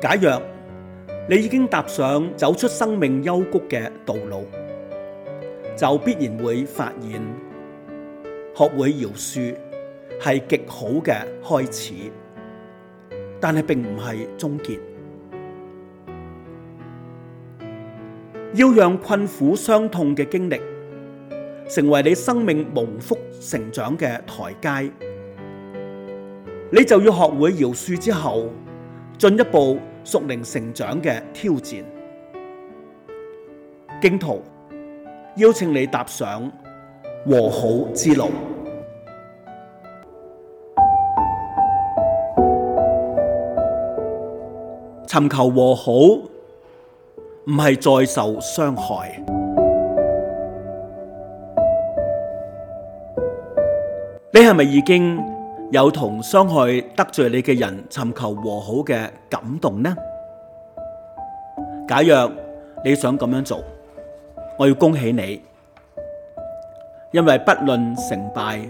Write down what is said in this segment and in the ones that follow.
假若你已經踏上走出生命幽谷嘅道路，就必然會發現學會饒恕係極好嘅開始，但係並唔係終結。要讓困苦傷痛嘅經歷成為你生命蒙福成長嘅台階，你就要學會饒恕之後進一步。熟齡成長嘅挑戰，荊徒邀請你踏上和好之路，尋求和好，唔係再受傷害。你係咪已經？有同傷害得罪你嘅人尋求和好嘅感動呢？假若你想咁樣做，我要恭喜你，因為不論成敗，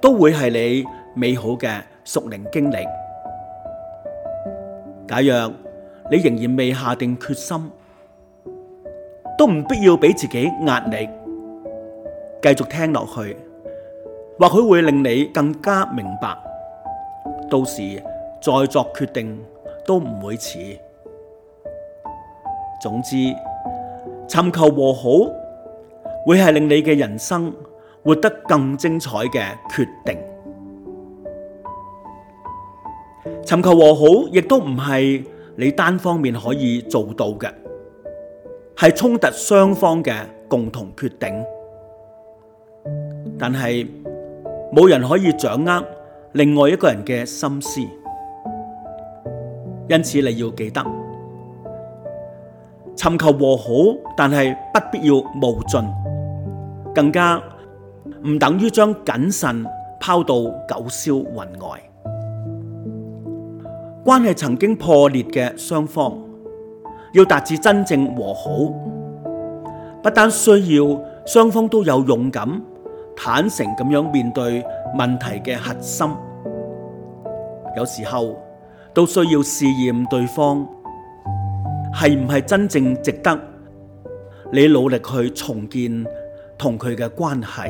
都會係你美好嘅屬靈經歷。假若你仍然未下定決心，都唔必要俾自己壓力，繼續聽落去。或許會令你更加明白，到時再作決定都唔會遲。總之，尋求和好會係令你嘅人生活得更精彩嘅決定。尋求和好亦都唔係你單方面可以做到嘅，係衝突雙方嘅共同決定。但係。冇人可以掌握另外一個人嘅心思，因此你要記得尋求和好，但係不必要冒進，更加唔等於將謹慎拋到九霄雲外。關係曾經破裂嘅雙方，要達至真正和好，不單需要雙方都有勇敢。坦誠咁樣面對問題嘅核心，有時候都需要試驗對方係唔係真正值得你努力去重建同佢嘅關係。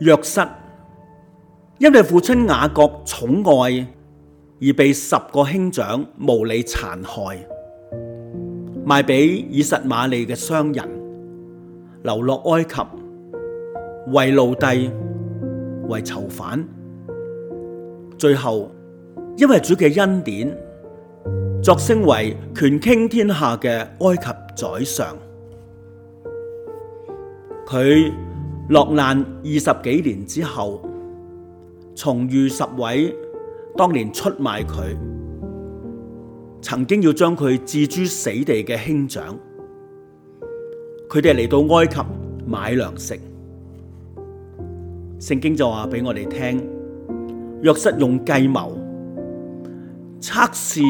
約瑟，因為父親雅各寵愛。而被十個兄長無理殘害，賣俾以實瑪利嘅商人，流落埃及，為奴隸，為囚犯，最後因為主嘅恩典，擢升為權傾天下嘅埃及宰相。佢落難二十幾年之後，重遇十位。當年出賣佢，曾經要將佢置諸死地嘅兄長，佢哋嚟到埃及買糧食。聖經就話俾我哋聽：約瑟用計謀測試，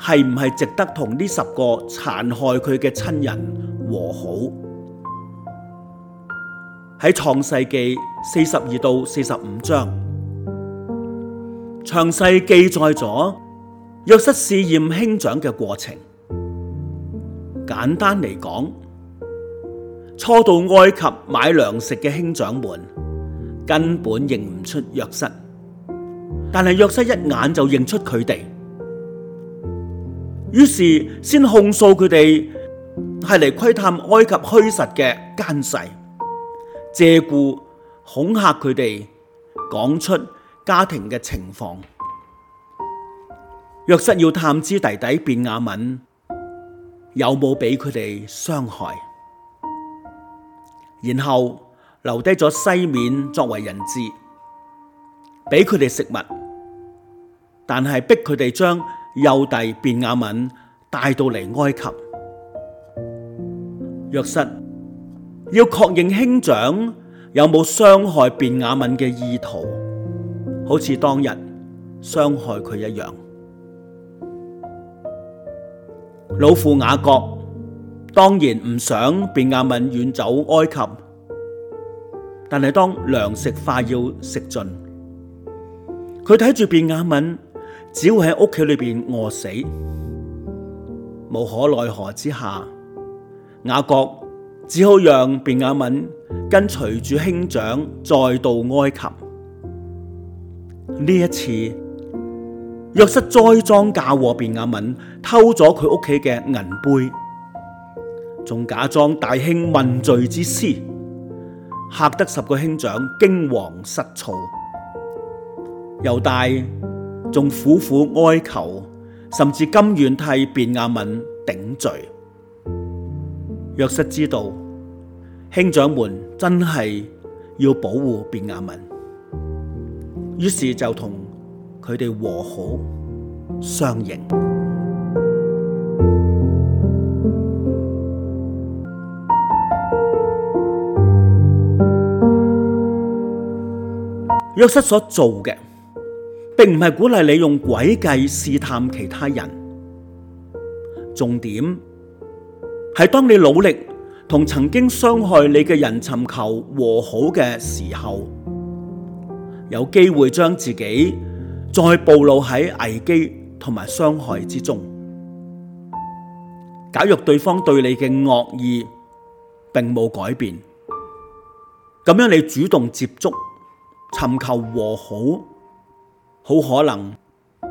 係唔係值得同呢十個殘害佢嘅親人和好？喺創世記四十二到四十五章。詳細記載咗約瑟試驗兄長嘅過程。簡單嚟講，初到埃及買糧食嘅兄長們根本認唔出約瑟，但係約瑟一眼就認出佢哋，於是先控訴佢哋係嚟窺探埃及虛實嘅奸細，借故恐嚇佢哋，講出。家庭嘅情況，約瑟要探知弟弟便雅憫有冇俾佢哋傷害，然後留低咗西面作為人質，俾佢哋食物，但係逼佢哋將幼弟便雅憫帶到嚟埃及。約瑟要確認兄長有冇傷害便雅憫嘅意圖。好似當日傷害佢一樣，老父雅各當然唔想便雅憫遠走埃及，但係當糧食快要食盡，佢睇住便雅憫只會喺屋企裏邊餓死，無可奈何之下，雅各只好讓便雅憫跟隨住兄長再度埃及。呢一次，約瑟栽贓嫁禍雅，便雅憫偷咗佢屋企嘅銀杯，仲假裝大興問罪之師，嚇得十個兄長驚惶失措，猶大仲苦苦哀求，甚至甘願替便雅憫頂罪。約瑟知道，兄長們真係要保護便雅憫。於是就同佢哋和好相迎。約瑟所做嘅，並唔係鼓勵你用詭計試探其他人。重點係當你努力同曾經傷害你嘅人尋求和好嘅時候，有機會將自己再暴露喺危機同埋傷害之中，假若對方對你嘅惡意並冇改變，咁樣你主動接觸、尋求和好，好可能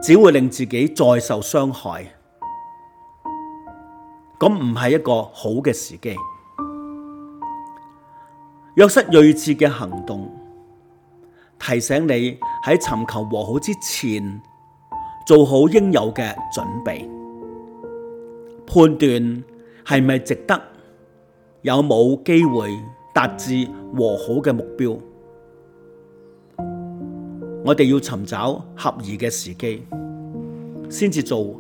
只會令自己再受傷害，咁唔係一個好嘅時機，若失睿智嘅行動。提醒你喺尋求和好之前，做好應有嘅準備，判斷係咪值得，有冇機會達至和好嘅目標。我哋要尋找合宜嘅時機，先至做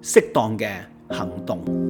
適當嘅行動。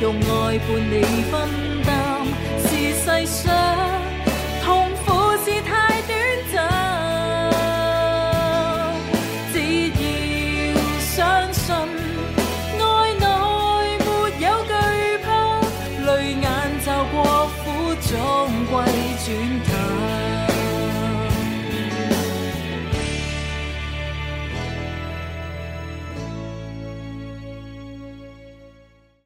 用愛伴你分擔，是世上，痛苦是太短暫。只要相信，愛內沒有懼怕，淚眼就過苦，終歸轉淡。